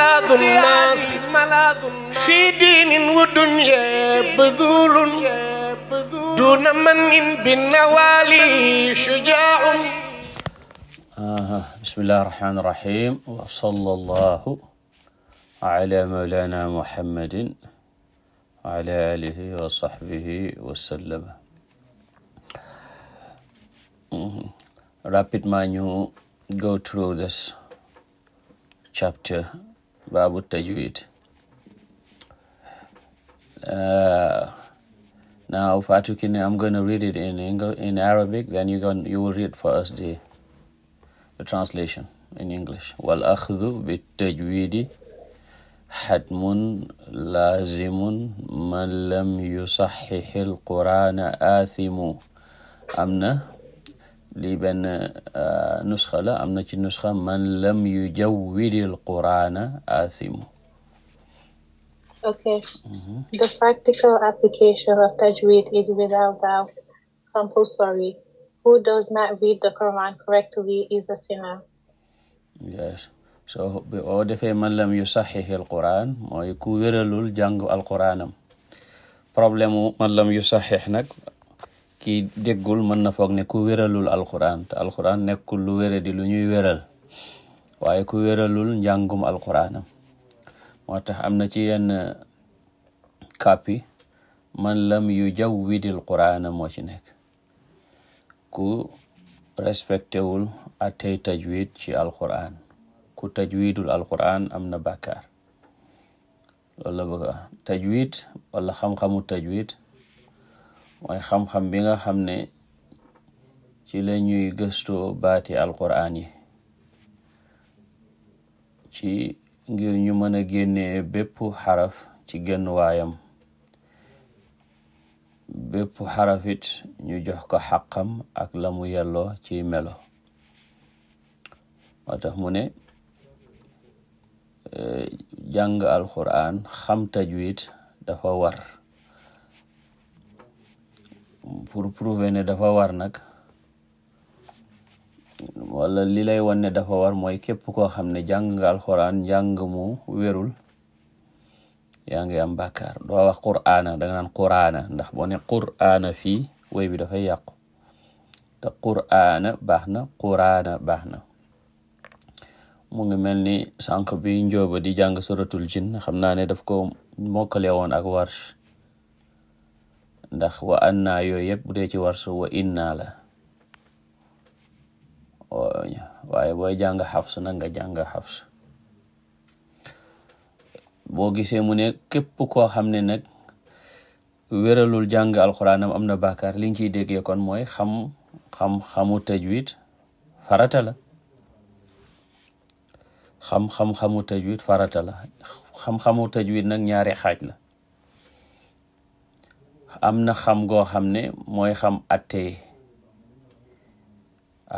ملاذ الناس في دين ودنيا بذول دون من بالنوالي شجاع بسم الله الرحمن الرحيم وصلى الله على مولانا محمد وعلى آله وصحبه وسلم Rapidement ñu go through this chapter baabu tajwid uh, now Fatou Kiné I'm going to read it in English, in Arabic then you can you will read for us the the translation in English wal axdu bi tajwidi xatmun laazimun man lam yusaxixi alqurana aathimu am na lii benn euh, nusxa la am na ci nusxa man lam yujawwidi al-Qur'ana aathimu Okay. Mm-hmm. The practical application of tajweed is without doubt compulsory. Who does not read the Quran correctly is a sinner. Yes. So boo defee man lam yusaxix al-Quran mooy ku wéralul jàng al-Quraanam problème man lam yusaxix nag ki déggul mën na foog ne ku wéralul alquran te alquran nekkul lu wére di lu ñuy wéral waaye ku wéralul njàngum alquranam moo tax am na ci yenn kàppi man lam yu jawwidil qurana moo ci nekk ku respecté wul atey tajwid ci alquran ku tajwidul alquran am na bàkkaar loolu la bëgg tajwid wala xam mooy xam-xam bi nga xam ne ci la ñuy gëstoo baati alquraan yi ci ngir ñu mën a génnee bépp xaraf ci genn waayam bépp xarafit ñu jox ko xaqam ak lamu mu yelloo ci melo moo tax mu ne eh, jàng alquraan xam tajwid dafa war pour prouver ne dafa war nag wala li lay wan ne dafa war mooy képp koo xam ne jàng nga alxuraan mu wérul yaa ngi am bàkkaar doo wax quraana da nga ndax boo ne quraana fii woy bi dafay yàqu te quraana baax na quraana baax na mu ngi mel ni sànq bi njóoba di jàng suratul jinn xam naa ne daf ko mokkale woon ak warsh ndax wa anna yooyu yëpp de ci ci su wa inna la waaye booy jàng xafs nag nga jàng xafs boo gisee mu ne képp koo xam ne nag wéralul jàng alxuraanam am na bàkkaar li nga ciy déggee kon mooy xam xam xamu tajwid farata la xam xam xamu tajwid farata la xam xamu wit nag ñaari xaaj la am na xam goo xam ne mooy xam atte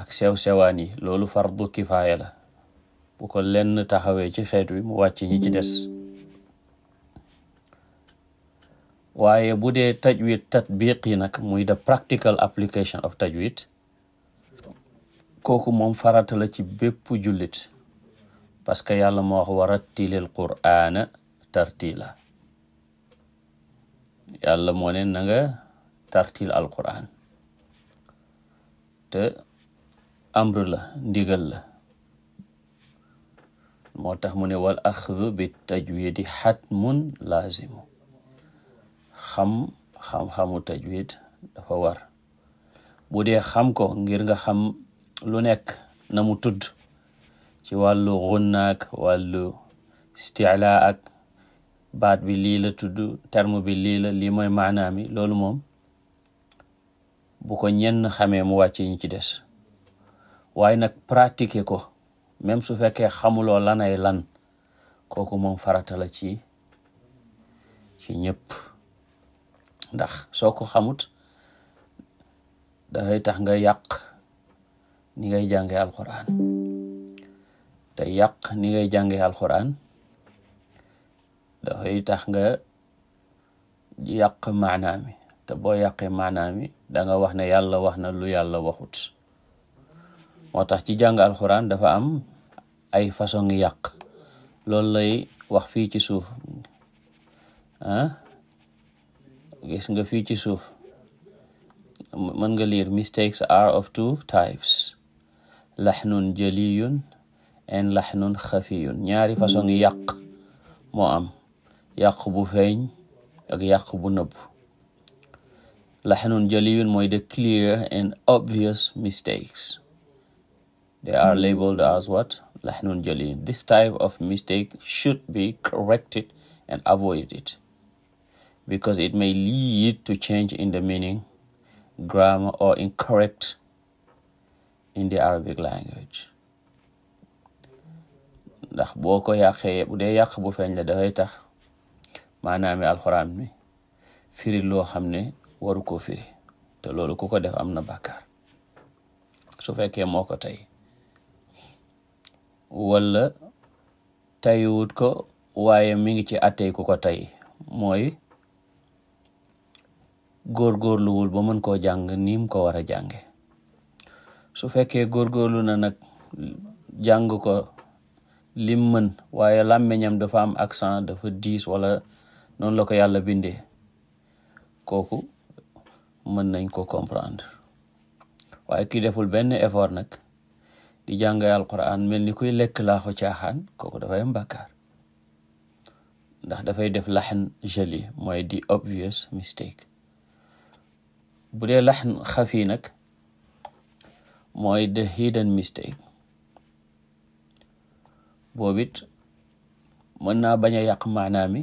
ak sew-sewaan yi loolu fardu kifaaya la bu ko lenn taxawee ci xeet wi mu wàcc ñi ci des waaye bu dee tajwid tatbiq yi nag muy the practical application of tajwid kooku moom farata la ci bépp jullit parce que yàlla moo wax warattilil qur'ana tartila yàlla moo ne na nga tartil alquran te amru la ndigal la moo tax mu ne wal axdu bi tajwidi xatmun laazimu xam xam-xamu tajwid dafa war bu dee xam ko ngir nga xam lu nekk na mu tudd ci wàllu gunna ak wàllu baat bi lii la tudd terme bi lii la lii mooy maanaa mi loolu moom bu ko ñenn xamee mu wàcce ñu ci des waaye nag pratiquer ko même su fekkee xamuloo lanay lan kooku moom farata la ci ci ñëpp ndax soo ko xamut dafay tax nga yàq ni ngay jàngee alxuraan te yàq ni ngay jàngee alxuraan dafay tax nga yàq maanaa mi te boo yàqee maanaa mi danga wax ne yàlla wax na lu yàlla waxut moo tax ci jàng alxuraan dafa am ay façon yàq loolu lay wax fii ci suuf ah gis nga fii ci suuf mën nga liir mistakes are of two types laxnun jaliyun and laxnun xafiyun ñaari façon yàq moo am yàq bu feeñ ak yàq bu nëbb laxnun jaliyun mooy de clear and obvious mistakes they are labeled as what laxnun jaliyun this type of mistake should be corrected and avoided because it may lead to change in the meaning grammar or incorrect in the Arabic language ndax boo ko yàqee bu dee yàq bu feeñ la dafay tax maanaam alxuraan bi firi loo xam ne waru ko firi te loolu ku ko def am na bàkkaar su fekkee moo ko tey wala tayiwut ko waaye mi ngi ci attey ku ko tey mooy góorgóorluwul ba mën koo jàng nim ko war a jànge su fekkee góorgóorlu na nag jàng ko lim mën waaye làmmiñam dafa am accent dafa diis wala noonu la ko yàlla bindee kooku mën nañ ko comprendre waaye kii deful benn effort nag di jàngay alquran mel ni kuy lekk laaxu caaxaan kooku dafay am ndax dafay def laxan jali mooy di obvious mistake bu dee xafi nag mooy the hidden mistake boobit mën naa bañ a yàq maanaam mi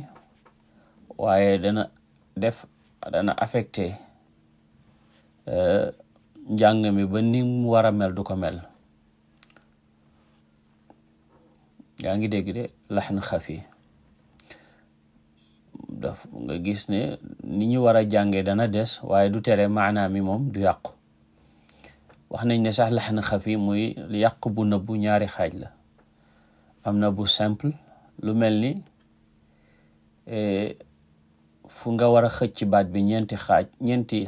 waaye dana def dana affecté euh, njàng mi ba ni mu war a mel du ko mel yaa ngi dégg de laxan xafi nga gis ne ni ñu war a jàngee dana des waaye du tere maanaa mi moom du yàqu wax nañ ne sax laxan xafi muy yàq bu nëbbu ñaari xaaj la am na simple lu mel ni euh, fu nga war a xëcc baat bi ñeenti xaaj ñeenti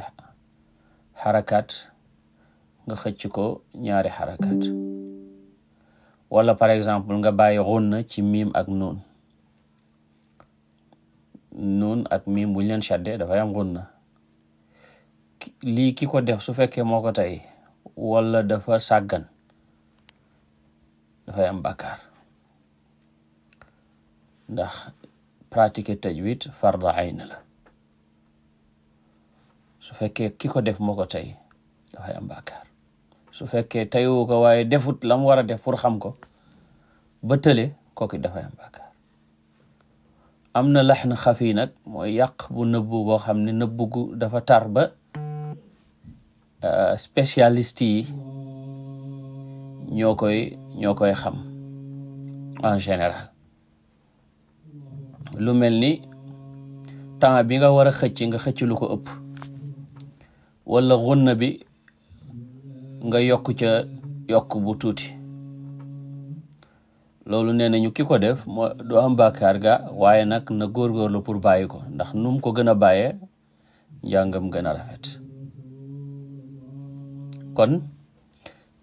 xarakat nga xëcc ko ñaari xarakaat wala par exemple nga bàyyi na ci miim ak nuun nuun ak miim buñ leen chadde dafay am na lii ki ko def su fekkee moo ko tey walla dafa sàggan dafay am bàkkaar ndax pratiquer tajwid fardu ayn la su fekkee ki ko def moo ko tey dafay am bàkkaar su fekkee teywu ko waaye defut la mu war a def pour xam ko ba tële kooku dafay am bàkkaar am na laxn xafi nag mooy yàq bu nëbbu boo xam ne nëbbu gu dafa tar ba euh, spécialiste yi ñoo koy ñoo koy xam en général lu mel ni temps bi nga war a xëcc nga xëcc lu ko ëpp wala xunna bi nga yokk ca yokk bu tuuti loolu nee nañu ki ko def moo du am ga waaye nag na la pour bàyyi ko ndax nu mu ko gën a bàyyee njàngam gën a rafet kon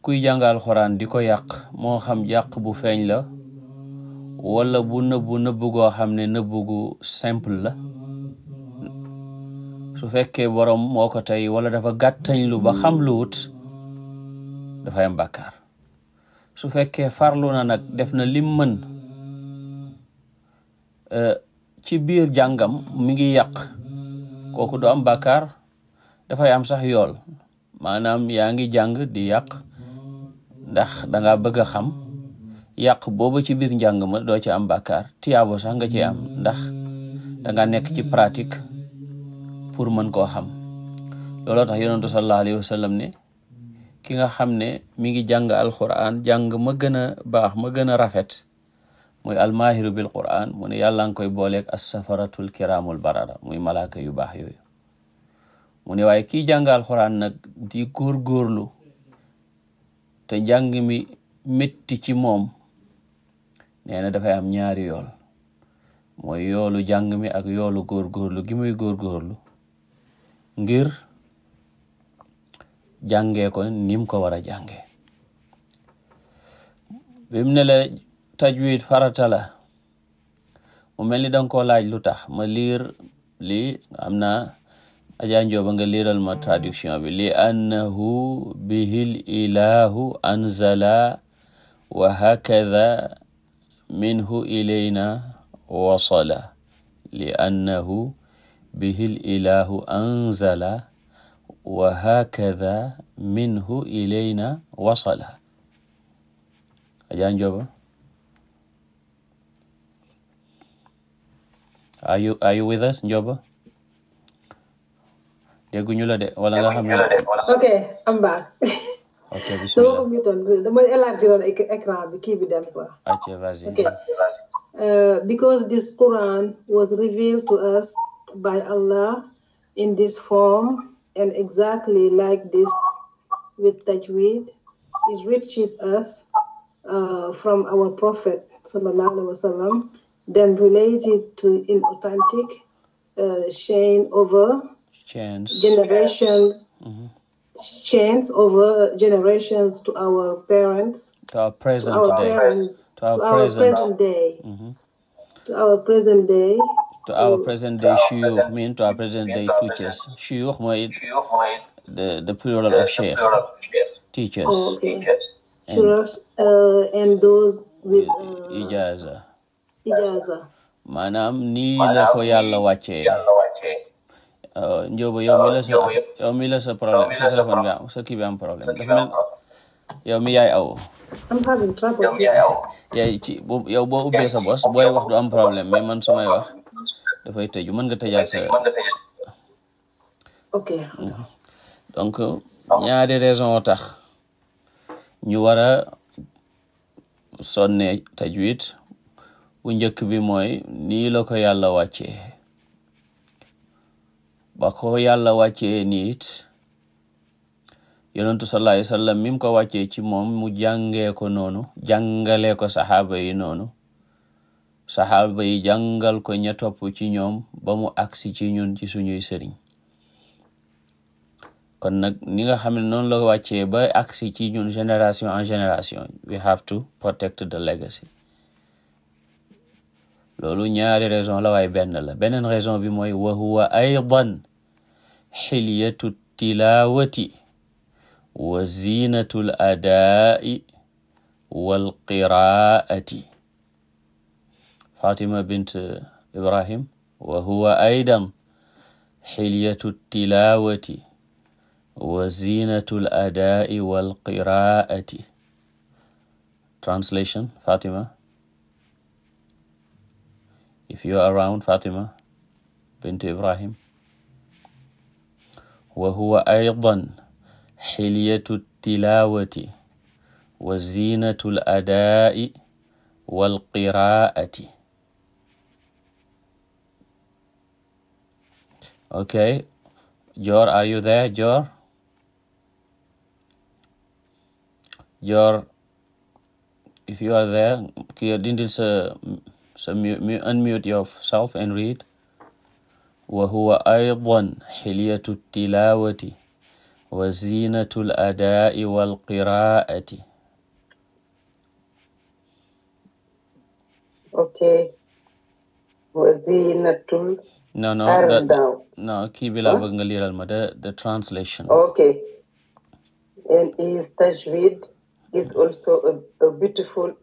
kuy jàngal xoraan di ko yàq moo xam yàq bu feeñ la wala bu nëbbu nëbbu goo xam ne nëbbu simple la su fekkee borom moo ko tey wala dafa gàttañ lu ba xam luwut wut dafay am bàkkaar su fekkee farlu na nag def na lim mën e, ci biir jàngam mu ngi yàq kooku du am bàkkaar dafay am sax yool maanaam yaa ngi jàng di yàq ndax danga bëgg xam yàq boobo ci biir njàng ma doo ci am bàkkaar tiyaabo sax ci am ndax danga nekk ci pratique pour mën koo xam looloo tax yonentu sallallahu alayhi wa sallam ne ki nga xam ne mi ngi jàng alquran jàng ma gën a baax ma gën a rafet muy almahiru bil quran mu ne yàlla koy boole assafaratul kiraamul barara muy malaaka yu baax yooyu mu ne waaye kii jàng alquran nag di góorgóorlu te njàng mi métti ci moom nee na am ñaari yool mooy yoolu jàng mi ak yoolu góorgóorlu gimuy muy góorgóorlu ngir jàngee ko ko war a jàngee bi mu ne la tajwid farata la mu mel ni danga koo laaj lu tax ma liir lii am naa ajaa njooba nga liiral ma traduction bi li annahu bihil ilahu anzala wa hakadha minhu ilayna wasala li annahu bihi lilahu anzala wa hakadha minhu ilayna wasala aja njoba are you are you with us njoba dégguñu la de wala nga xam ne ok am baax ok bisimilah dama ko mutoon dama élargir woon écran bi kii bi dem quoi. ok vas-y. ok euh, because this Quran was revealed to us by Allah in this form and exactly like this with tajweed it reaches us uh, from our prophet sallallahu alaihi wasallam then related to inauthentic uh, chain over. Chance. generations. Mm-hmm. chance over generations to our parents. To our present to our day. Parents, to our, to our present. present day. Mm-hmm. To our present day. To our present day shuyukh mean to our present day teachers. Shuyukh mooy the the plural of sheikh. Teachers. Oh, okay. Teachers. And, uh, and those with uh, ijaza. Ijaza. Maanaam nii la ko Yàlla wàccee. Njóoba yow mi la yow mi la sa problème sa téléphone am problème dafa yow mi yaay aw yaay ci ubbee sa bos booy wax du am problème mais man su wax dafay tëju mën nga tëjaat sa donc ñaari raison tax ñu war a sonne tajwid bu njëkk bi mooy nii la ko yàlla wàccee ba ko yàlla wàccee ni it yonentu sallallahu alayhi wa sallam ko wàccee ci moom mu jàngee ko noonu jàngalee ko saxaaba yi noonu saxaaba yi jàngal ko ña topp ci ñoom ba mu agsi ci ñun ci suñuy sëriñ kon nag ni nga xam ne noonu la wàccee ba agsi ci ñun génération en génération we have to protect the legacy loolu ñaari raison la waaye benn la beneen raison bi mooy wa aydan xilyatu tilaawati wa ziinatu l adaai walqiraati fatima bint ibrahim wa huwa aidan xilyatu tilaawati wa ziinatu l adaai walqiraati translation fatima if you are around fatima bint ibrahim wa huwa aydan xilyatu tilaawati wa ziinatu l adaai are you there Jor if you are there ki dindil sa sa unmute yourself and read wa huwa aydan xilyatu tilaawati wa ziinatu ok. wa no no no kii ma the translation. ok. and his tajweed is also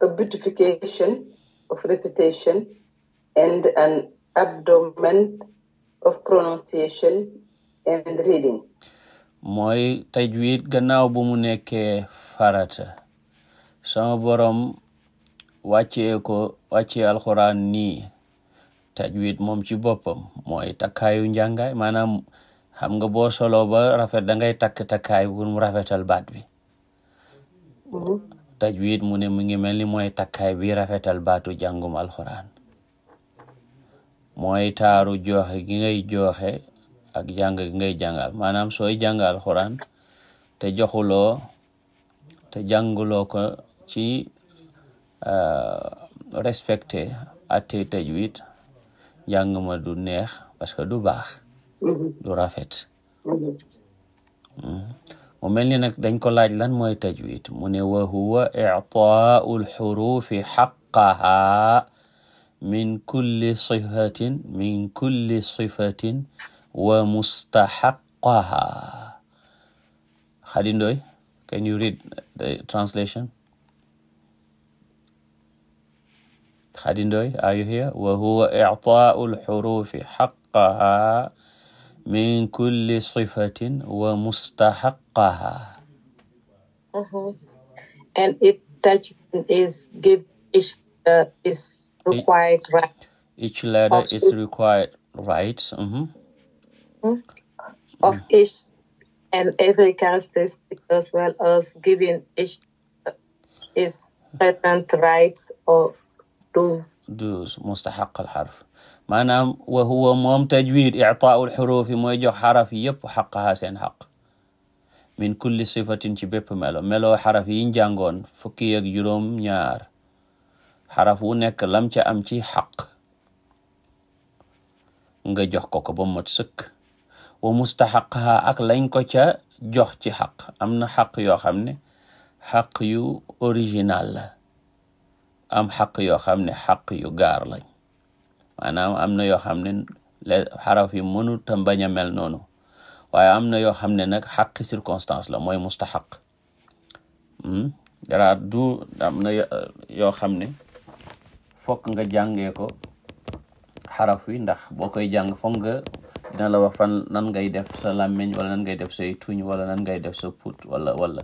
a, beautification of recitation and an abandonment of pronunciation and reading. mooy gannaaw bu mu nekkee farata sama borom wàccee ko wàccee alxuraan nii tajwid moom ci boppam mooy takkaayu njàngaay maanaam xam nga boo soloo ba rafet da ngay takk takkaay pour mu rafetal baat bi mm-hmm. tajwid mu ne mu ngi mel ni mooy takkaay bi rafetal baatu jàngum alxuraan mooy taaru jooxe gi ngay jooxe ak jàng gi ngay jàngal maanaam sooy jàngal xuraan te joxuloo te jànguloo ko ci euh, respecté ate tajwid jàng ma du neex parce que du baax du rafet hmm. mu mel ni nag dañ ko laaj lan mooy tajwid mu ne wa huwa i'taa'u al-xurufi xaqqaha min kulli sifatin min kulli sifatin wa mustahaqqaha Khadindoy can you read the translation Khadindoy are you here wa huwa i'taa'u al-hurufi haqqaha min kulli sifatin wa mustahaqqaha uh-huh. and it touch is give is uh, is required right. Each letter of is required right. Mm-hmm. Of mm. each and every characteristic as well as giving each is present rights or dues. Dues mustaxaq al xarf maanaam wa huwa moom tajwid ictaau lxurufi mooy jox xaraf yëpp xaqaha seen xaq min kulli sifatin ci bépp melo melo xaraf yi njàngoon fukki ak juróom ñaar xaraf wu nekk lam ca am ci xaq nga jox ko ko ba mot sëkk wa mustaxaqaha ak lañ ko ca jox ci xaq am na xaq yoo xam ne xaq yu original la am xaq yoo xam ne xaq yu gaar lañ maanaam am na yoo xam ne xaraf yi mënut a bañ a mel noonu waaye am na yoo xam ne nag xaq circonstance la mooy mustaxaq hmm? dara du am na yoo xam ne fokk nga jàngee ko xaraf wi ndax boo koy jàng fokk nga dina la wax fan nan ngay def sa làmmiñ wala nan ngay def say tuñ wala nan ngay def sa put wala wala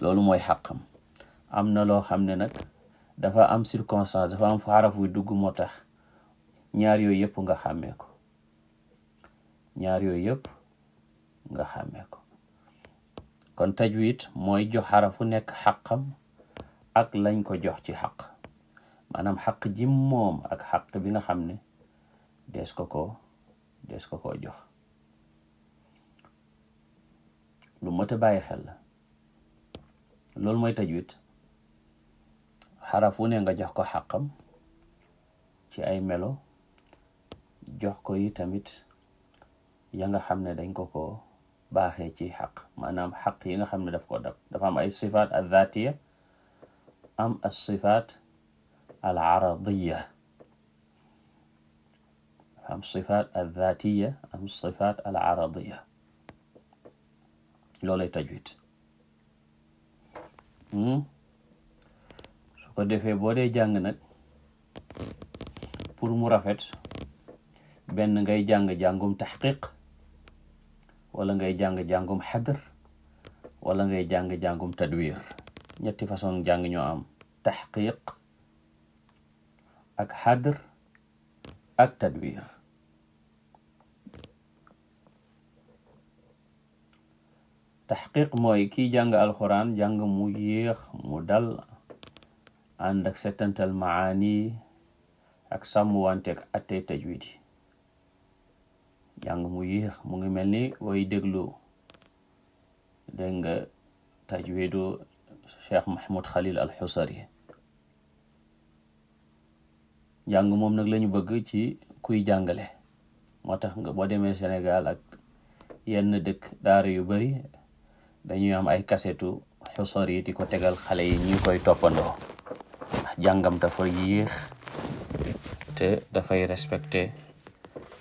loolu mooy xaqam am na loo xam ne nag dafa am circonstance dafa am fu xaraf wi dugg moo tax ñaar yooyu yëpp nga xàmmee ko ñaar yooyu yëpp nga xàmmee ko kon tajwid mooy jox xarafu nekk xàqam ak lañ ko jox ci xàq maanaam xaq ji moom ak xaq bi nga xam ne des ko ko des ko koo jox lu mot a bàyyi xel la loolu mooy tajwid wit wu nga jox ko xaqam ci ay melo jox ko yi tamit ya nga xam ne dañ ko ko baaxee ci xaq maanaam xaq yi nga xam ne daf ko dab dafa am ay sifaat al dhatiya am as sifaat العرضية أم الصفات الذاتية أم الصفات العرضية loolay tajwid su ko defee boo dee jàng nag pour mu rafet benn ngay jàng jàngum taxqiq wala ngay jàng jàngum xadr wala ngay jàng jàngum tadwir ñetti façon jàng ñoo am taxqiq ak xadr ak tadwir taxqiq mooy kiy jàng alxuraan jàng mu yéex mu dal ànd ak setantal maani ak sàmmwanteeg atte tajwid yi jàng mu yéex mu ngi mel ni way déglu dégg nga tajwidu cheikh mahmoud xalil al njàng moom nag lañu bëgg ci kuy jàngale moo tax nga boo demee Sénégal ak yenn dëkk daara yu bari dañuy am ay kasetu xosor yi di ko tegal xale yi ñu koy toppandoo jàngam dafa yéex te dafay respecte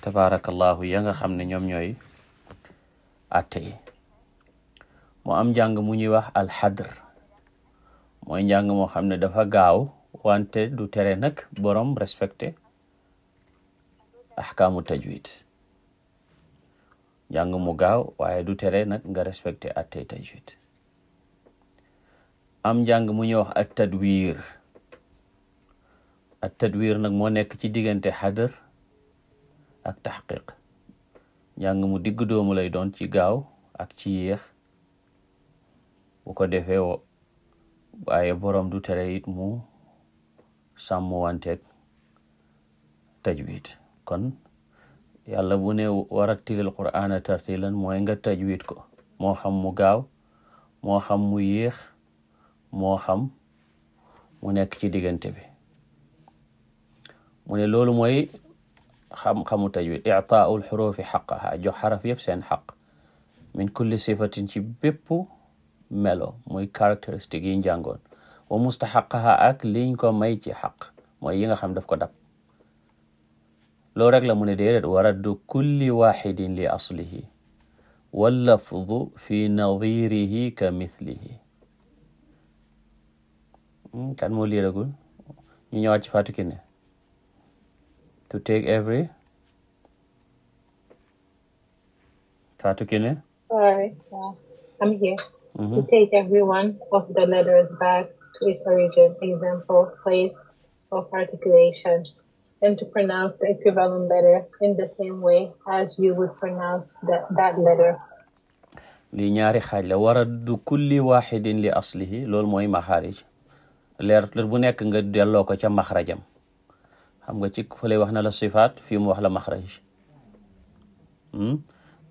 tabaarakallaahu ya nga xam ne ñoom ñooy atte yi mu am njàng mu ñuy wax alxadr mooy njàng moo xam ne dafa gaaw wante du tere nag borom respecté ahkaamu tajwid njàng mu gaaw waaye du tere nag nga respecté attey tajwid am njàng mu ñuy wax ak tadwir ak tadwir nag moo nekk ci diggante xadar ak taxqiq njàng mu digg doomu lay doon ci gaaw ak ci yéex bu ko defee waaye borom du tere it mu sàmmwanteeg tajwid kon yàlla bu ne warattilil qur'aana tartilan mooy nga tajwid ko moo xam mu gaaw moo xam mu yéex moo xam mu nekk ci diggante bi mu ne loolu mooy xam-xamu tajwid ictaa'ul xuruufi xaqaha jox xaraf yëpp seen xaq min kulli sifatin ci bépp melo mooy caractéristique yi njàngoon wa mustaxaqaha ak liñ ko may ci xaq mooy yi nga xam daf ko dab loolu rek mu ne déedéet wa raddu kulli waxidin li aslihi wallafdu fi nadirihi ka mithlihi hmm, kan moo liiragul ñu ñëwaat ci Fatou Kiné to take every Fatou Kiné sorry uh, I'm mm-hmm. to take every one of the letters back is a region, example, place of articulation, and to pronounce the equivalent letter in the same way as you would pronounce that, letter. lii ñaari xaaj la waraddu kulli waxidin li aslihi loolu mooy maxaarij leer leer bu nekk nga delloo ko ca maxrajam xam nga ci fa lay wax na la sifaat fii mu wax la maxraj hmm?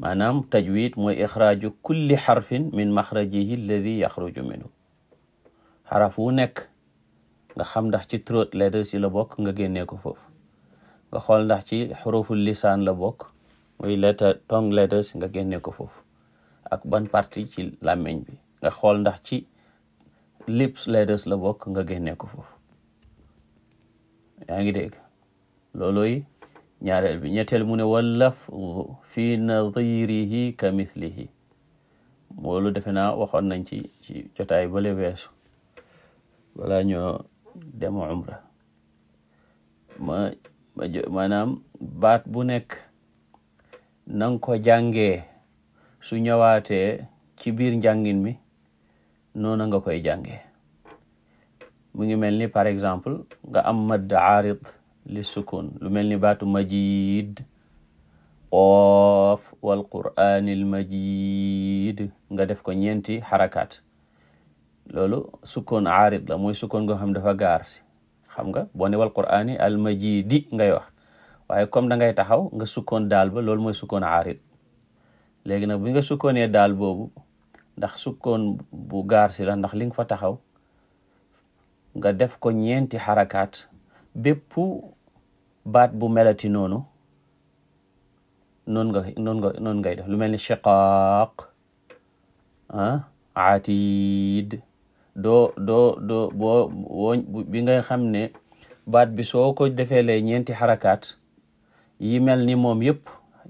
maanaam tajwid mooy ixraaju kulli xarfin min maxrajihi alladi yaxruju minhu xaraf wu nekk nga xam ndax ci throat letters yi la bokk nga génnee ko foofu nga xool ndax ci xuruful lisaan la bokk muy letter tongue letters nga génnee ko foofu ak ban partie ci làmmiñ bi nga xool ndax ci lips letters la bokk nga génnee ko foofu yaa ngi dégg looloy ñaareel bi ñetteel mu ne wallaf fi nadirihi ka mithlihi moolu defe naa waxoon nañ ci ci jotaay bale weesu balaa ñoo dem umra ma ma maanaam baat bu nekk nan ko jàngee su ñëwaatee ci biir njàngin mi noona nga koy jàngee mu ngi mel ni par exemple nga am madd aarid li sukun lu mel ni baatu majid qoof wal quraanil majid nga def ko ñeenti xarakaat loolu sukkoon aarid la mooy sukkoon goo xam ne dafa gaar si xam nga boo ne wal qur'aani al majiidi ngay wax waaye comme da ngay taxaw nga sukkoon daal ba lool mooy sukkoon aarid léegi nag bi nga sukkoonee daal boobu ndax sukkoon bu gaar la ndax li nga fa taxaw nga def ko ñeenti xarakaat bépp baat bu melati noonu noonu nga noonu nga noonu ngay def lu mel ni shiqaaq ah atid do doo doo boo boo bi xam ne baat bi soo ko defee lay ñeenti xarakaat yi mel ni moom yëpp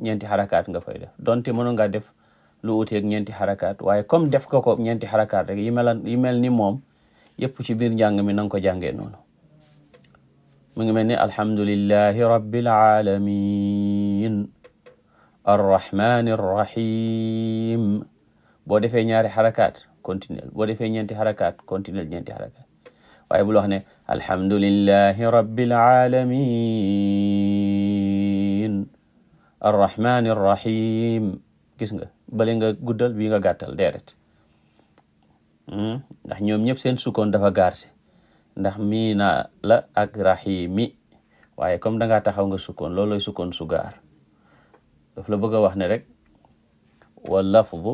ñeenti xarakaat nga fay def donte mënu nga def lu uteeg ñeenti xarakaat waaye comme def ko ko ñeenti xarakaat rek mel yi mel ni moom yëpp ci biir njàng mi na ko jàngee noonu mu ngi mel ni alhamdulillahi rabbil alamin arrahmani arrahim boo defee ñaari xarakaat continuel boo defee ñeenti xarakaat continuel ñeenti xarakaat waaye bul wax ne alhamdulillahi rabbil alamin arrahmani arrahim gis nga bale nga guddal bii nga gàttal deret hmm? ndax ñoom ñëpp seen sukkoon dafa gaar si ndax miina la ak rahimi waaye comme dangaa taxaw nga sukkoon loolooy sukkoon su gaar daf la bëgg a wax ne rek wa lafdu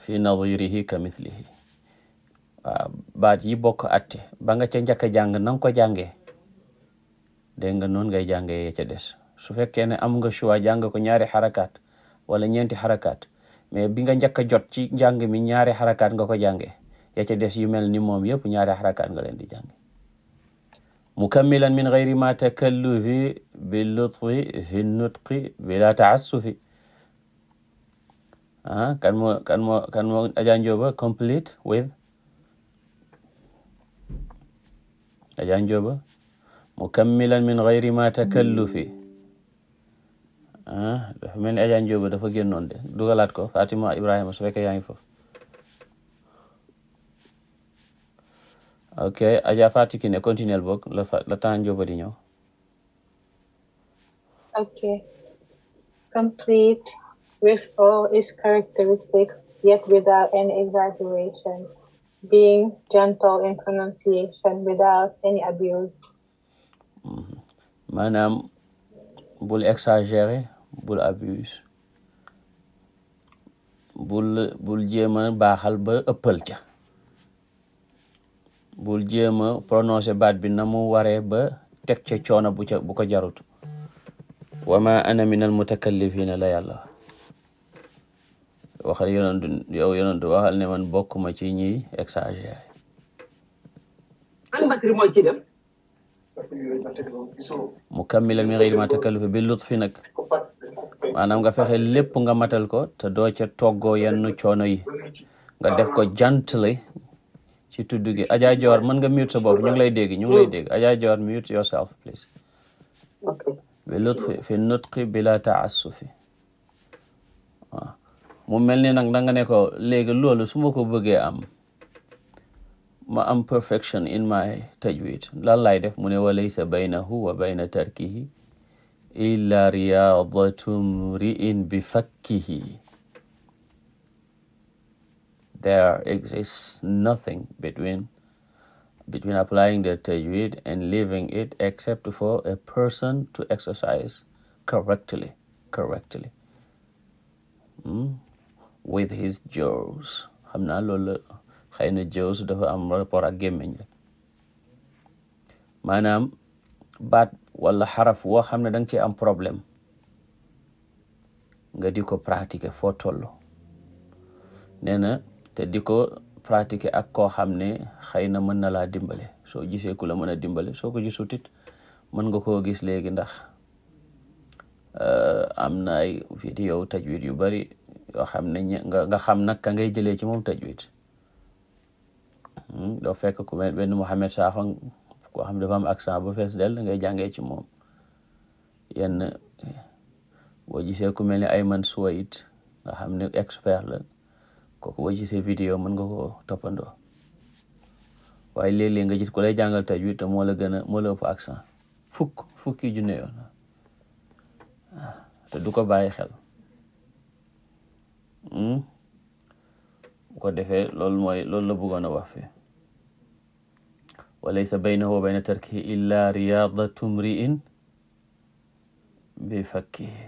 fi nadirihi ka mithlihi waaw ah, baat yi bokk atte ba nga ca njëkk a jàng na ko jàngee dégg nga noonu ngay jàngee ya ca des su fekkee ne am nga choix jàng ko ñaari xarakaat wala ñeenti xarakaat mais bi nga njëkk jot ci njàng mi ñaari xarakaat nga ko jàngee ya des yu mel ni moom yëpp ñaari xarakaat nga leen di jàng mukammilan min gayri ma takallufi bi lutfi fi nutqi ah kan moo kan moo kan moo Adja Njoba complete with Adja Njoba mukammilan min gayri takallufi ah dafa mel ni Adja Njoba dafa génnoon de dugalaat ko Fatima Ibrahima su fekkee yaa ngi foofu ok Adja Fatick ne continuel boog la la di ñëw. ok complete. with all its characteristics, yet without any exaggeration, being gentle in pronunciation without any abuse. maanaam mm-hmm. bul exagérer bul abuse bul bul baaxal ba ëppal ca bul jéem a prononcer baat bi na mu waree ba teg ca coono bu ca bu ko jarut. wa ma ana min la yàlla waxal yonent yow ne man bokk ma ci ñi exagéré. man Bachir mooy ci dem. mu kammilan ma takallufi bi lutfi nag maanaam nga fexe lépp nga matal ko te doo ca toggoo yenn coono yi nga def ko gently ci tudd gi Adja Dior mën nga mute sa bopp ñu ngi lay dégg ñu ngi lay dégg Adja Dior mute yourself please bi lutfi fi nutqi bila taassufi mu mel ni nag da nga ne ko léegi loolu su ma ko bëggee am ma am perfection in my tajwid lan laay def mu ne wa laysa baynahu wa bayna tarkihi illa riyadatum ri'in bi fakkihi there exists nothing between between applying the tajweed and leaving it except for a person to exercise correctly correctly hmm? with his jaws xam naa loolu la xëy na jaws dafa am rapport ak gémmiñ rek maanaam baat wala xaraf woo xam ne da nga ci am problème nga di ko pratiquer foo toll nee na te di ko pratiquer ak koo xam ne xëy na mën na laa dimbale soo gisee ku la mën a dimbale soo ko gisut it mën nga koo gis léegi ndax euh, am na ay vidéo tajwid yu bari yoo xam ne nga xam nag ka ngay jëlee ci moom tajwid hmm, doo fekk ku mel benn Mouhamed Sakho koo xam dafa am accent bo fees del ngay jàngee ci moom yenn boo gisee ku mel ni Ayman Suwayit nga xam ne expert la kooku boo gisee vidéo mën nga ko toppandoo waaye léeg-léeg nga gis ku lay jàngal tajwid wit moo la gën a moo la accent fukk fukki junne yoon ah, te du ko bàyyi xel bu ko defee loolu mooy loolu la bëggoon a wax fi wa laysa baynahu wa bayna tarkihi illa riyaadatu mri'in bi fakkihi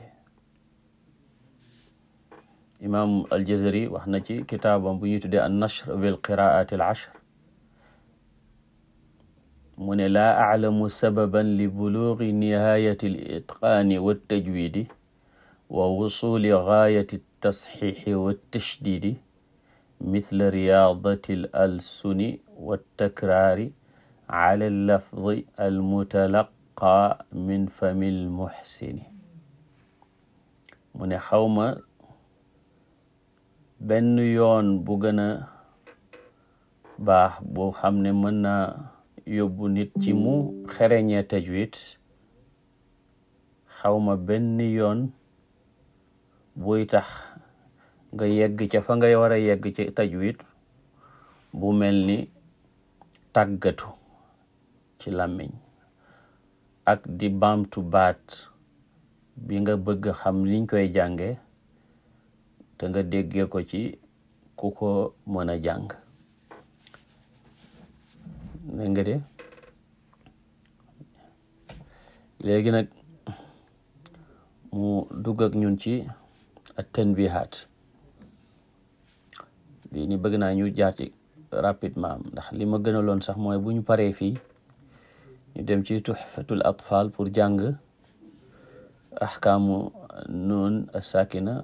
imaam aljazari wax na ci kitaabam bu ñuy tuddee an nashr bil qiraati al ashr mu ne laa aclamu sababan li buluugi nihaayati al itqaani wa tajwiidi wa wusuli gaayati tasxiixi wa tashdiidi misla riyaadati al alsuni al ala allafdi almutalaqa min fami lmuxsini mu ne xawma benn yoon bu gën a baax boo xam ne mën naa yóbbu nit ci mu xereñee tajwid xawma benn yoon buy tax nga yegg ca fa nga war a yegg ca tajwid bu mel ni tàggatu ci làmmiñ ak di baamtu baat bi nga bëgg xam liñ koy jànge te nga déggee ko ci ku ko mën a jàng dégg nga de léegi nag mu dugg ak ñun ci at tanbihaat lii ni bëgg naa ñu jaar rapidement ndax li ma gënaloon sax mooy bu ñu paree fii ñu dem ci tuxfatul atfal pour jàng axkaamu noon asakina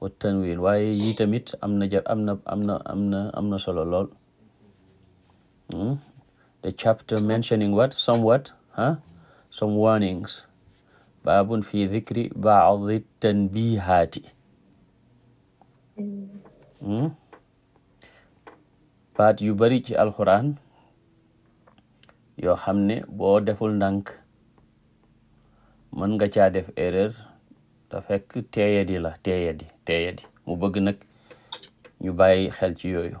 wa tanwin waaye yii tamit am na ja am na am na am am na solo lool hmm? the chapter mentioning what somewhat huh? some warnings baabun fi dhikri baadi tanbihaati hmm? paat yu bari ci alxuraan yoo xam ne boo deful ndank mën nga caa def erreur te fekk teeyadi la teeyadi teeyadi mu bëgg nag ñu bàyyi xel ci yooyu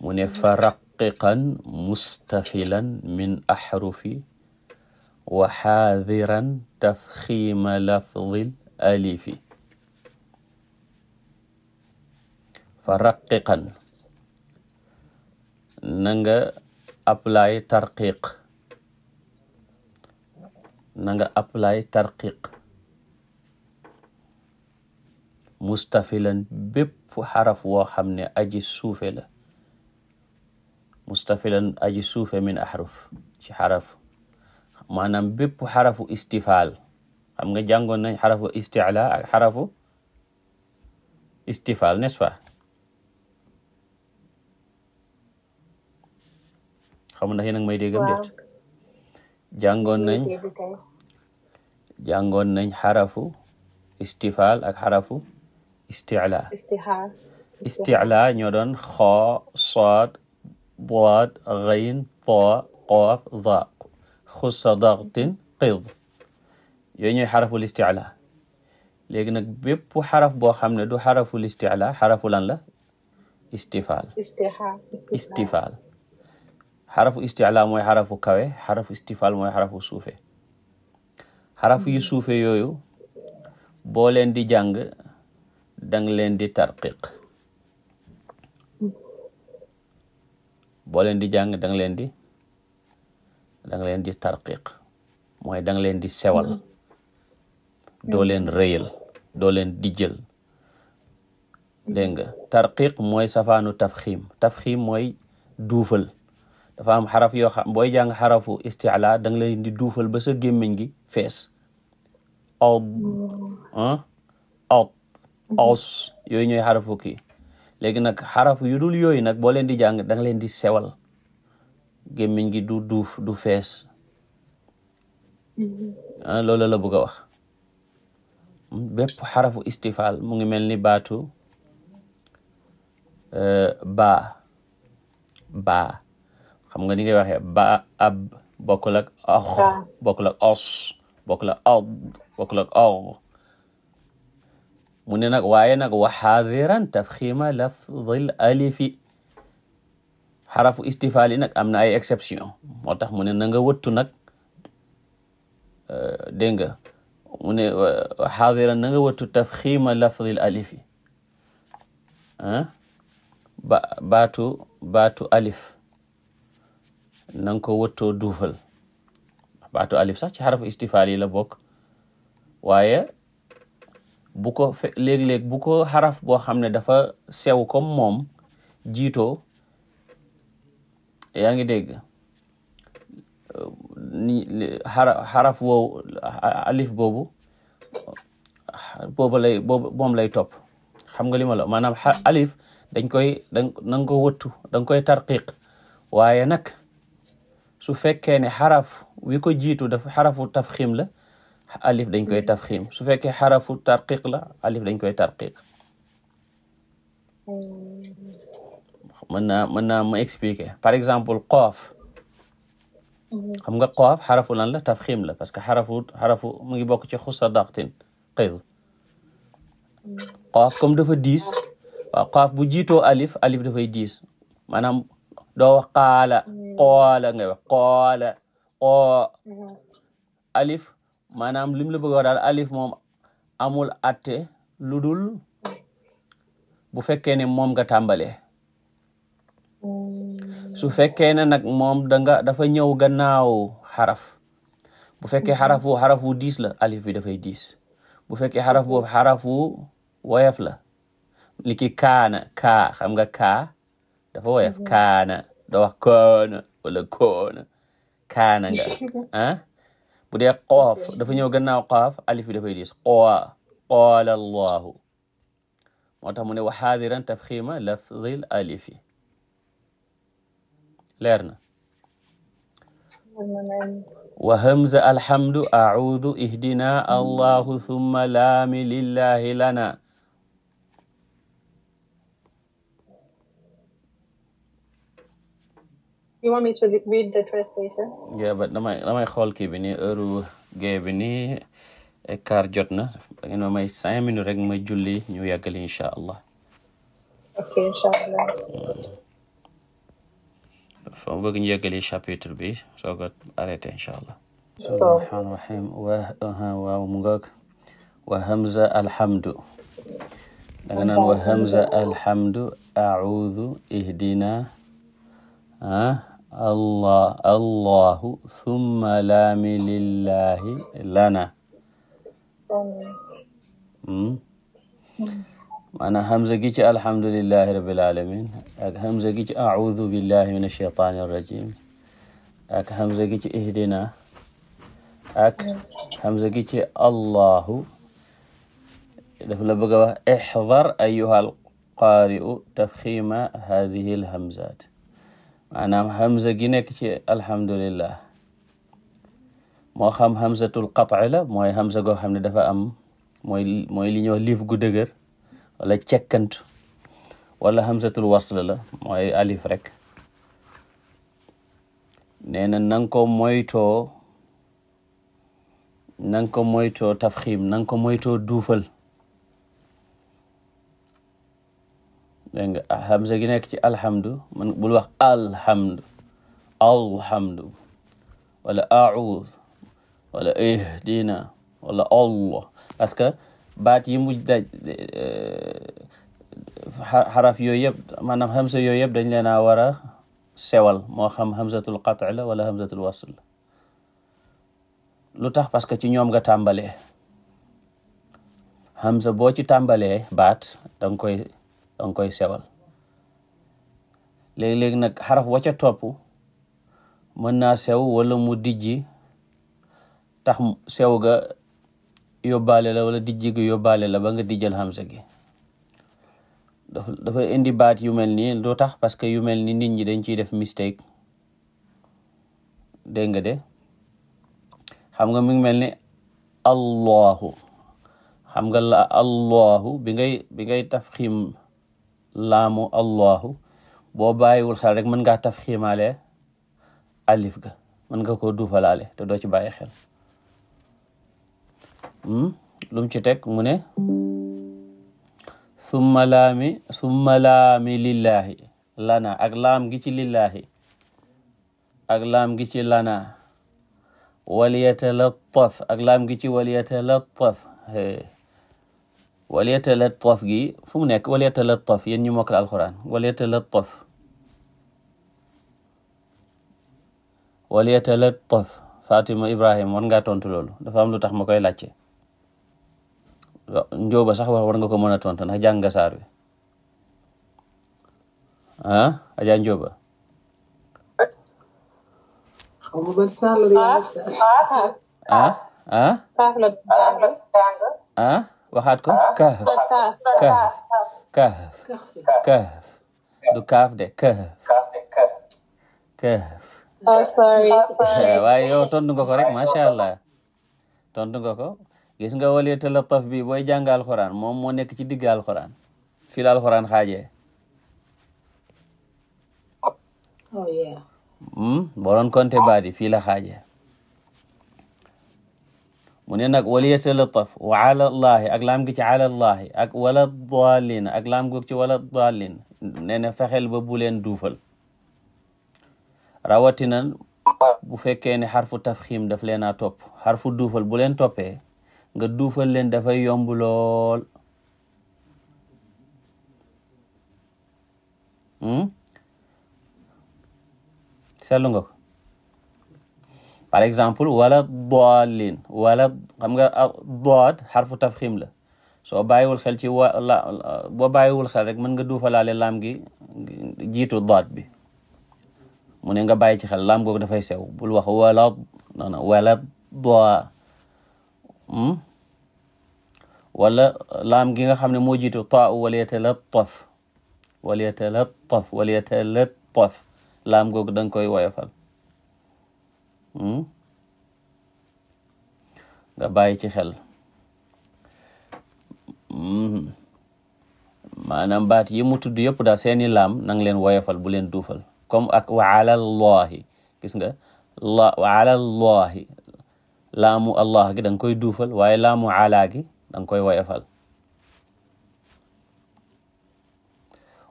mu ne faraqiqan mustafilan min axrufi wa xaadiran tafxiima lafdil alifi faraqiqan na nga apply tarqiq na apply tarqiq mustafilan bépp xaraf woo xam ne aji suufe la mustafilan aji suufe min ahruf ci xaraf maanaam bépp xarafu istifaal xam nga jàngoon nañ xarafu isti'la ak xarafu istifaal n'est-ce xam ndax na a ngi may dégg am déet nañ jàngoon nañ xarafu istifaal ak xarafu isticla isticla ñoo doon xoo saad daad ghayn taa qaaf daa xussa daqtin qid yooyu ñooy xaraful isticla léegi nag bépp boo xam ne du xaraful isticla xarafu lan la istifaal istifaal xarafu istilaa mooy xarafu kawe xarafu istifaal mooy xarafu suufe xarafu yu suufe yooyu boo leen di jàng dang leen di tarqiq boo di jàng dang leen di dang leen di tarqiq mooy dang leen di sewal doo leen rëyal doo leen dijjël dégg nga tarqiq mooy safaanu tafxiim tafxiim mooy duufal dafa am xaraf yoo xam booy jàng xarafu isti'la da nga leen di duufal ba sa gémmiñ gi fees od od os yooyu ñooy xarafu ki léegi nag xarafu yu dul yooyu nag boo leen di jàng dang nga leen di sewal gémmiñ gi du duuf du fees ah loolu la bëgg a wax bépp xarafu istifaal mu ngi mel ni baatu euh, baa baa xam nga ni ngay waxee ba ab bokkul ak ax ah, bokkul ak os bokkul ak ad bokkul ak or mu ne nag waaye nag wa xaadiran tafxiima lafdil alifi xarafu istifaal nag am na ay exception moo tax mu ne na nga wëttu nag eh, dégg nga mu ne wa xaadiran na nga wëttu tafxiima alifi ah ba alif na nga ko wëttoo duufal baatu alif sax ci xarafu la bokk waaye bu ko fe léeg-léeg bu ko xaraf boo xam ne dafa sew kom moom jiitoo yaa ngi dégg ni xaraf woowu alif boobu boobu lay lay topp xam nga li ma la maanaam alif dañ koy da na ko wëttu da koy tarqiq waaye nag su fekkee ne xaraf wi ko jiitu dafa xarafu tafxim la alif dañ koy tafxim su fekkee xarafu tarqiq la alif dañ koy tarqiq mën na mën naa ma expliquer par exemple qaaf xam nga qaaf xarafu lan la tafxim la parce que xarafu mu ngi bokk ci xusa daqtin qid qaaf dafa diis waaw bu jiitoo alif alif dafay diis maanaam doo qaala qaala ngay wax qaala qoo alif maanaam lim la bëgg wax daal alif moom amul atte lu dul bu fekkee ne moom nga tàmbalee su fekkee ne nag moom danga dafa ñëw gannaaw xaraf bu fekkee xarafu xarafu diis la alif bi dafay diis bu fekkee xaraf boobu xarafu woyof la liki kaana kaa xam nga kaa dafa woyof kaana doo wax koona wala koona kaana nga bu dee qoof dafa ñëw gannaaw qaaf alif bi dafay diis qooa qaala allahu moo tax mu ne wa xaadiran tafxiima lafdil alifi leer hamza alhamdu audu ihdina allahu thumma laami lillahi lana you want me to read the translation yeah but damay damay xool kii bi nii heure gée bi nii écart eh, jot na da ngeen may cinq minutes rek ma julli ñu yàggali incha allah ok incha allah hmm. foo bëgg ñu yàggali chapitre bi soo ko arrêté incha allah rahmaan rahim waa waaw mu ngoog wa hamza alhamdu da nga naan wa hamza alhamdu audu ihdina ah allah allahu summa laami lillahi lana hmm? maanaam hamza gi ci alhamdulillahi rabbil alamin ak hamza gi ci audu billahi min alshaytani arrajim ak hamza gi ci ihdina ak hamza gi ci allahu daf la bëgg a wax ixdar ayuha alqaari'u tafxima hadihi alhamzat maanaam hamza gi nekk ci alhamdulillah moo xam hamzatul qat'i la mooy hamza goo xam ne dafa am mooy mooy li ñuy liif gu dëgër wala cekkantu wala hamzatul wasl la mooy alif rek nee na nanga ko moytoo nanga ko moytoo tafxiim nanga ko moytoo duufal dégg nga hamza gi nekk ci alhamdu man bul wax alhamdu alhamdu wala aud wala ihdina wala allah parce que baat yi mujj daj eh, xaraf yooyu yëpp maanaam hamza yooyu yëpp dañ leen a war a sewal moo xam hamzatul qat'i wala hamzatul wasl la tax parce que ci ñoom nga tàmbalee hamza boo ci tàmbalee baat danga koy danga koy sewal léegi-léegi nag xaraf wa ca topp mën naa sew wala mu dijji tax sew ga yóbbaale la wala dijji gi yóbbaale la ba nga dijjal hamza gi dafa indi baat yu mel nii lu tax parce que yu mel ni nit ñi dañ ciy def mistake dégg nga de xam nga mi mel ni allahu xam nga la allahu bi ngay bi ngay laamu allahu boo bàyyiwul xel rek mën ngaa taf xiimaale alif ga mën nga koo duufalaale te doo ci bàyyi xel hmm? lum ci teg mu ne summa laami summa laami lillaahi lana ak laam gi ci ak laam gi ci lana waliyatalattaf ak laam gi ci waliyatalattaf wal yatalattaf gi fu mu nekk wal yatalattaf yéen ñu mokkal alxuraan wal yatalattaf wal yatalattaf Fatima Ibrahim war ngaa tontu loolu dafa am lu tax ma koy laajte njóoba sax war nga ko mën a tontu ndax jàng nga saar wi ah Adja Njóoba ah ah ah waxaat ko kaaf kaaf kaaf kaaf du kaaf de kaaf kaaf oh, ah, eh, waaye yow tontu nga ko rek macha allah tontu nga ko gis nga wala talataaf bi booy jàng alxuraan moom moo nekk ci digg alxuraan fii la alxuraan xaajee oh, hmm? boo doon compter baat yi fii la xaajee mu ne nag wala yatalataf wa ala ak laam gi ci ala llaahi ak wala daalin ak laam gi ci wala daalin nee na fexeel ba bu leen duufal rawatina bu fekkee ne xarfu tafxiim daf leen a topp xarfu duufal bu leen toppee nga duufal leen dafay yomb lool hmm? seetlu nga par exemple wala daalin wala xam nga ah, daad xarfu tafxim la soo bàyyiwul xel ci wa la boo bàyyiwul xel rek mën nga duufalaale laam gi jiitu daad bi mu ne nga bàyyi ci xel laam googu dafay sew bul wax wala non non wala daa hmm? wala laam gi nga xam ne moo jiitu taa wala yatalattaf wala yatalattaf wala yatalattaf laam googu da nga koy woyofal Hmm? nga bàyyi ci xel hmm. maanaam baat yi mu tudd yëpp daal seeni laam nang leen woyafal bu leen duufal comme ak wa alallahi gis nga la wa alallahi laamu allah gi da koy duufal waaye laamu ala gi da koy woyafal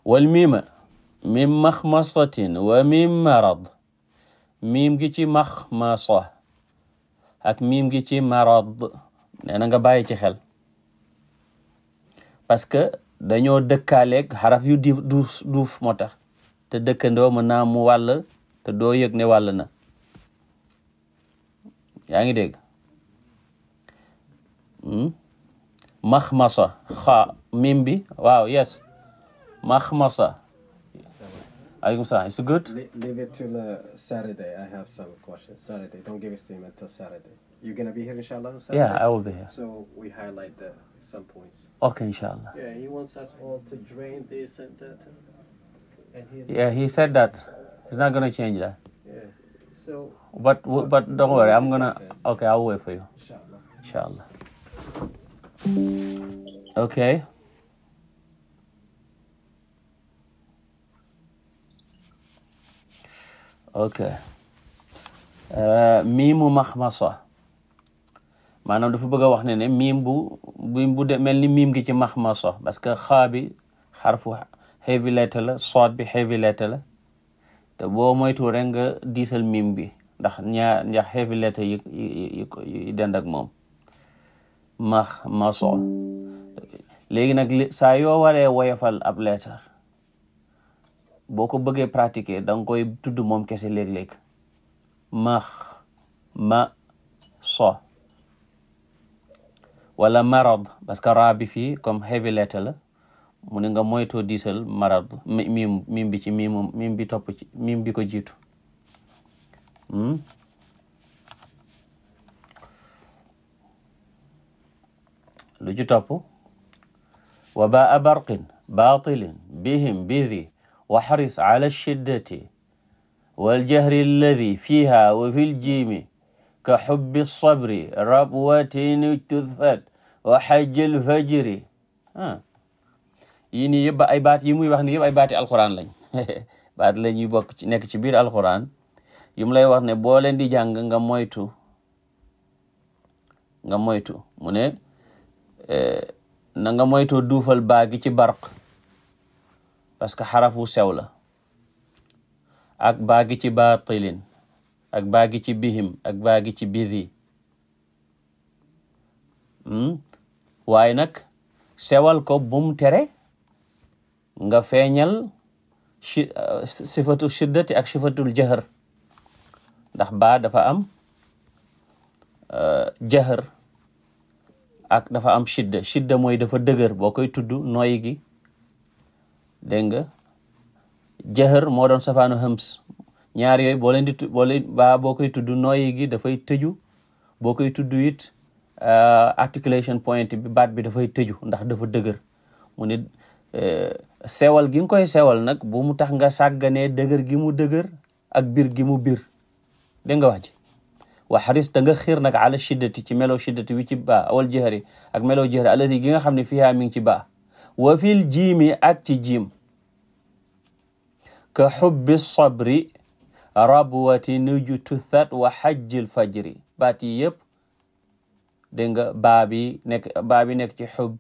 wal miima min maxmasatin wa min marad miim gi ci max maso ak miim gi ci marad nee nga bàyyi ci xel parce que dañoo dëkkaaleeg xaraf yu diif duuf duuf moo tax te dëkkandoo mën naa mu wàll te doo yëg ne wàll na yaa ngi dégg hmm? maxmasa xa miim bi waaw yes maxmasa Alaikum salam. It's good? Leave it till uh, Saturday. I have some questions. Saturday. Don't give it to him until Saturday. You're going to be here, inshallah, Saturday? Yeah, I will be here. So we highlight the, some points. Okay, inshallah. Yeah, he wants us all to drain this and that. And he's yeah, he said that. He's not going to change that. Yeah. So. But, what, but don't worry. I'm going to. Okay, I'll wait for you. Inshallah. Inshallah. Okay. ok euh, miimu maso maanaam dafa bëgg a wax ne ne miim bu bu mel ni miim gi ci maso parce que xaa bi heavy letter la soot bi heavy letter la te boo moytu rek nga diisal miim bi ndax ñaar heavy letter yi yi dend ak moom maxmasa léegi nag saa yoo waree woyofal ab letter boo ko bëggee pratiquer da nga koy tudd moom kese léeg-léeg max ma so wala marad parce que raa bi fii comme heavy letter la mu ne nga moytoo diisal marad mim mim bi ci mim mim bi topp ci mim bi ko jiitu hmm? lu ci topp wa baa barqin baatilin bihim bidi waxris ala shiddati waljahri alladi fiha wa fi ljimi ka xubbi sabri baat yi muy wax ni ay baati alquran lañ baat la ñuy bokk ci nekk ci biir alquran yu lay wax ne boo leen di jàng nga moytu nga moytu mu ne eh, na nga moytoo duufal ci barq parce que xaraf wu sew la ak baa gi ci baatilin ak baa gi ci bihim ak baa gi ci bidhi hmm? waaye nag sewal ko bum tere nga feeñal uh, sifatu shiddati ak sifatul jahar ndax baa dafa am uh, jahar ak dafa am shidda shidda mooy dafa dëgër boo koy tudd nooy gi dégg nga jaxër moo doon safaanu hams ñaar yooyu boo leen di boo baa boo koy tudd nooyi gi dafay tëju boo koy tudd it euh, articulation point bi baat bi dafay tëju ndax dafa dëgër mu ne euh, sewal gi nga koy sewal nag bu mu tax nga sàgganee dëgër gi mu dëgër ak biir gi mu biir dégg nga wax ji waa xaris da nga xiir nag ala shiddati ci melow shiddati wi ci ba awal jëhëri ak melo jëhëri alati gi nga xam ne fiihaa mi ngi ci baa wa fil jiimi ak ci jiim ka xubbi sabri rabwati nujutu that wa xajjil fajri baat yi yëpp dégg nga bi nekk baa nekk ci xubb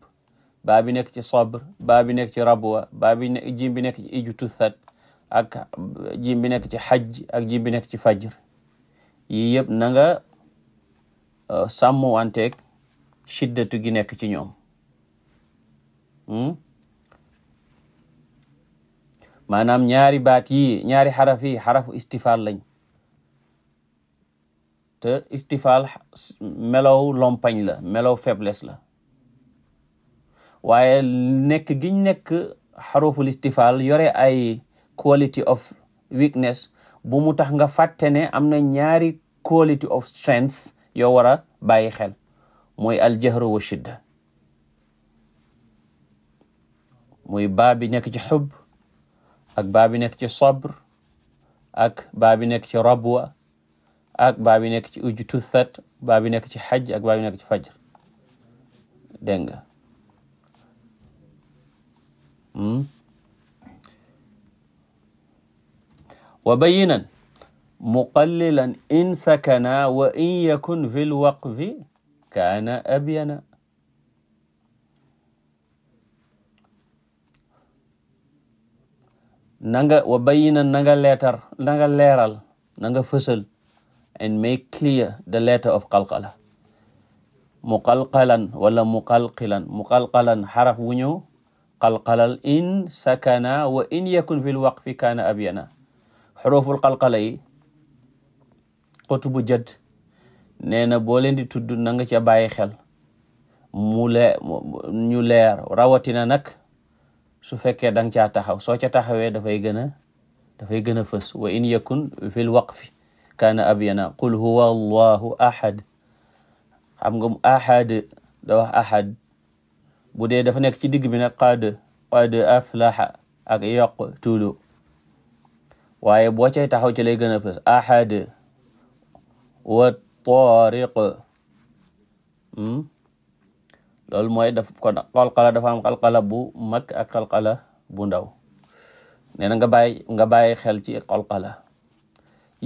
baa bi nekk ci sabr baa bi nekk ci rabwa baa bi nekk ci xajj ak nekk ci fajr yii yëpp na nga euh, shiddatu gi nekk ci ñoom Hmm? maanaam ñaari baat yi ñaari xaraf yi xarafu istifaal lañ te istifaal melow lompañ la melow faiblesse la waaye nekk giñ nekk xaruful istifaal yore ay quality of weakness bu mu tax nga fàtte ne am na ñaari quality of strength yoo war a bàyyi xel mooy aljahru wa muy baa bi nekk ci xub ak baa bi nekk ci sabr ak baa bi nekk ci rabwa ak baa bi nekk ci ujtuthat baa bi nekk ci xaj ak baa bi nekk ci fajr dégg nga hmm? wa bayinan muqallilan in sakana wa in yakun fi lwaqfi kaana abyana na wa bayyinan na nga leetar na leeral na nga fësal and make clear the letter of qalqala muqalqalan wala muqalqilan muqalqalan xaraf wu ñu qalqalal in sakana wa in yakun fil waqfi kaana abyana xuruful qalqala yi qutubu jëdd nena na boo leen di tudd na nga bàyyi xel mu leer rawatina nag su fekkee da caa taxaw soo ca taxawee dafay gën a dafay gën a fës wa in yakun fil waqfi kaana abyana qul huwa allahu ahad xam nga ahad da wax ahad bu dee dafa nekk ci digg bi nag qad qad aflaha ak yoq tuulu waaye boo cay taxaw ci lay gën a fës ahad wa tariq hmm? loolu mooy daf kon xalqala dafa am xalqala bu mag ak xalqala bu ndaw nee nga bàyyi nga bàyyi xel ci xalqala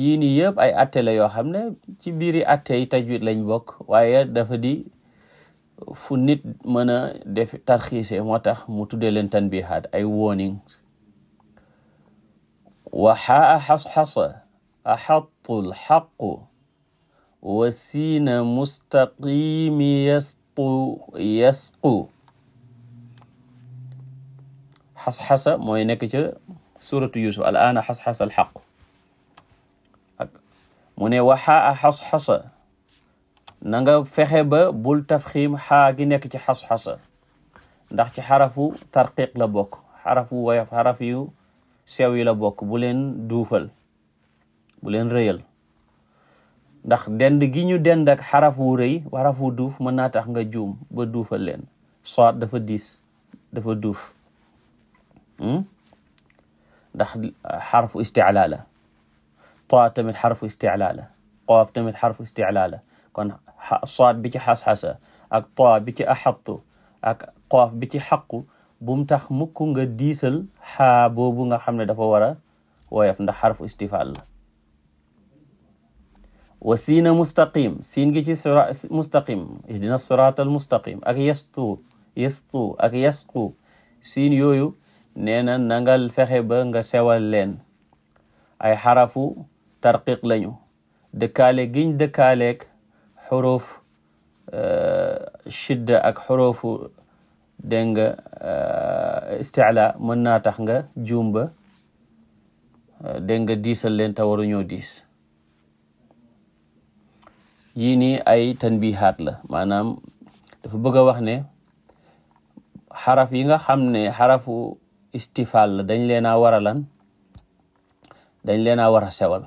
yii nii yëpp ay atte yoo xam ne ci biiri atte yi tajwid lañ bokk waaye dafa di fu nit mën a def tarxiise moo tax mu tuddee leen tanbihaat ay warning wa xaa a xasxasa axatul xaqu wa siina mustaqimi yast yasqu xas-xasa mooy nekk ca suratu yusuf al aana xas-xasa ak mu ne wa xaa xas-xasa na fexe ba bul tafxiim xaa gi nekk ci xas-xasa ndax ci xarafu tarqiq la bokk xarafu woyof xaraf yu sew yi la bokk bu duufal bu leen ndax dend gi ñu dend ak xaraf wu rëy xaraf wu duuf mën naa tax nga juum ba duufal leen soit dafa diis dafa duuf hmm? ndax xarfu isticla la ta tamit xarfu isticla la qaaf tamit xarfu isticla la kon soit bi ci xas-xasa ak ta bi ci axattu ak qaaf bi ci xaqu bumu tax mukk nga diisal xaa boobu nga xam ne dafa war a woyof ndax xarfu istifaal la wa siina mustaqim siin gi ci sira mustaqim siraat mustaqim ak yestu yestu ak yasqu siin yooyu nee na nangal fexe ba nga sewal leen ay xarafu tarqiq lañu dëkkaale giñ dëkkaaleeg xuruf euh, shidda ak xurufu dégg nga euh, isticla mën naa tax nga juum ba euh, dégg nga diisal leen te waruñoo diis yii nii ay tanbihaat la maanaam dafa bëgg a wax ne xaraf yi nga xam ne xarafu istifaal la dañ leen a war a lan dañ leen a war a sewal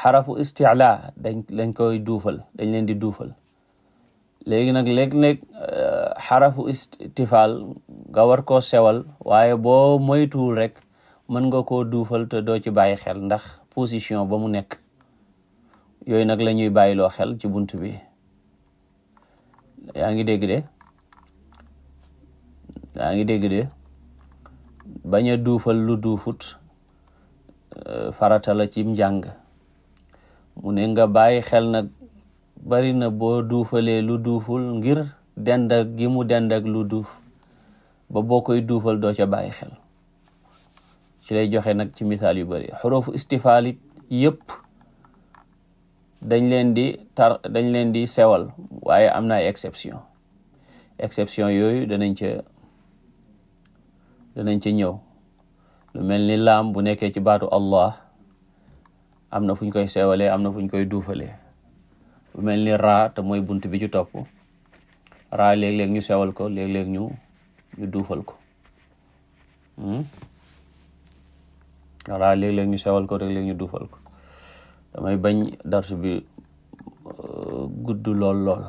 xarafu isticla dañ lañ koy duufal dañ leen di duufal léegi nag léeg-léeg euh, xarafu istifaal nga war koo sewal waaye boo moytuwul rek mën nga ko duufal te doo ci bàyyi xel ndax position ba mu nekk yooyu nag lañuy ñuy bàyyiloo xel ci bunt bi yaa ngi dégg de yaa ngi dégg bañ a duufal lu duufut euh, farata la ci njàng mu ne nga bàyyi xel nag bari na boo duufalee lu duuful ngir dend ak gi lu duuf ba boo koy duufal doo ca bàyyi xel ci lay joxe nag ci misaal yu bari xurufu istifaal it dañ leen di tar dañ leen di sewal waaye am na ay exception exception yooyu danañ ca danañ ca ñëw mel ni laam bu nekkee ci baatu allah am na fuñ koy sewalee am na fuñ koy duufalee lu mel ni raa mooy bunt bi ci topp raa léeg-léeg ñu sewal ko léeg-léeg ñu duufal ko hmm? raa léeg-léeg ñu sewal ko léeg-léeg ñu duufal ko damay bañ darsu bi euh, gudd lool lool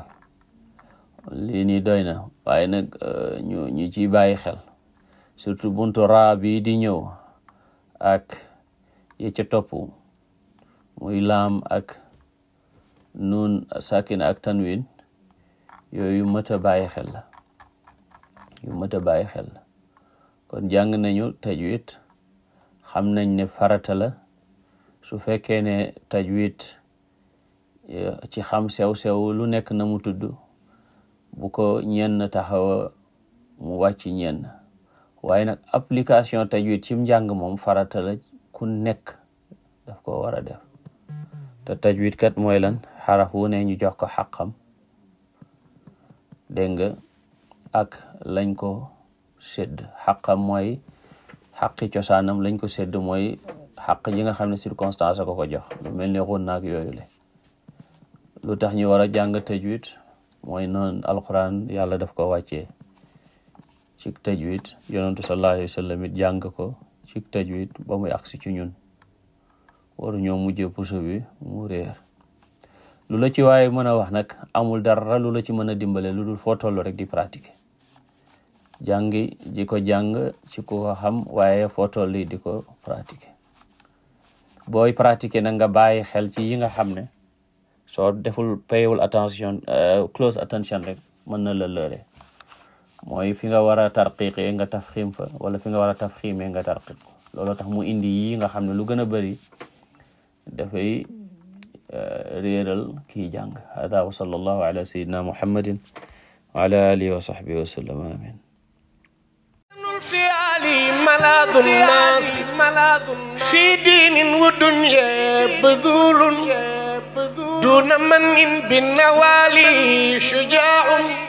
lii nii doy na waaye nag euh, ñu ñu ciy bàyyi xel surtout buntu raa bi di ñëw ak ya ca topp muy laam ak nun sakin ak tanwin yooyu mët a bàyyi xel la yu mët a bàyyi xel kon jàng nañu tajwid xam nañ ne farata la su fekkee ne tajwid e, ci xam sew-sew lu nekk na mu tudd bu ko ñenn taxaw mu wàcc ñenn waaye nag application tajwid ci njàng moom farata la ku nekk daf ko war a def te tajwid kat mooy lan xaraf wu ne ñu jox ko xaqam dégg nga ak lañ ko sédd xaqam mooy xaqi cosaanam lañ ko sédd mooy xaq yi nga xam ne circonstance ko ko jox lu mel ni xun naag yooyu le lu tax ñu war a jàng tajwid mooy noonu alquran yàlla def ko wàcce ci tajwid yonentu sallallahu alayhi wa sallam jàng ko ci tajwid ba muy agsi ci ñun waru ñoo mujjee puso bi mu réer lu la ci waaye mën a wax nag amul dara lu la ci mën a dimbale lu dul foo toll rek di pratique jàngi ji ko jàng ci ku ko xam waaye foo toll di ko pratiquer booy pratiquer na nga bàyyi xel ci yi nga xam ne soo deful payewul attention euh, close attention rek mën na la lëre mooy fi nga war a tarqiqee nga tafxiim fa wala fi nga war a tafxiimee nga tarqiq looloo tax mu indi yi nga xam ne lu gën a bëri dafay euh, réeral kii jàng hada wa sallallahu ala sayyidina muhammadin wa ala alihi wa sahbihi wa sallam في علي ملاذ الناس في دين ودنيا بذول دون من بالنوالي شجاع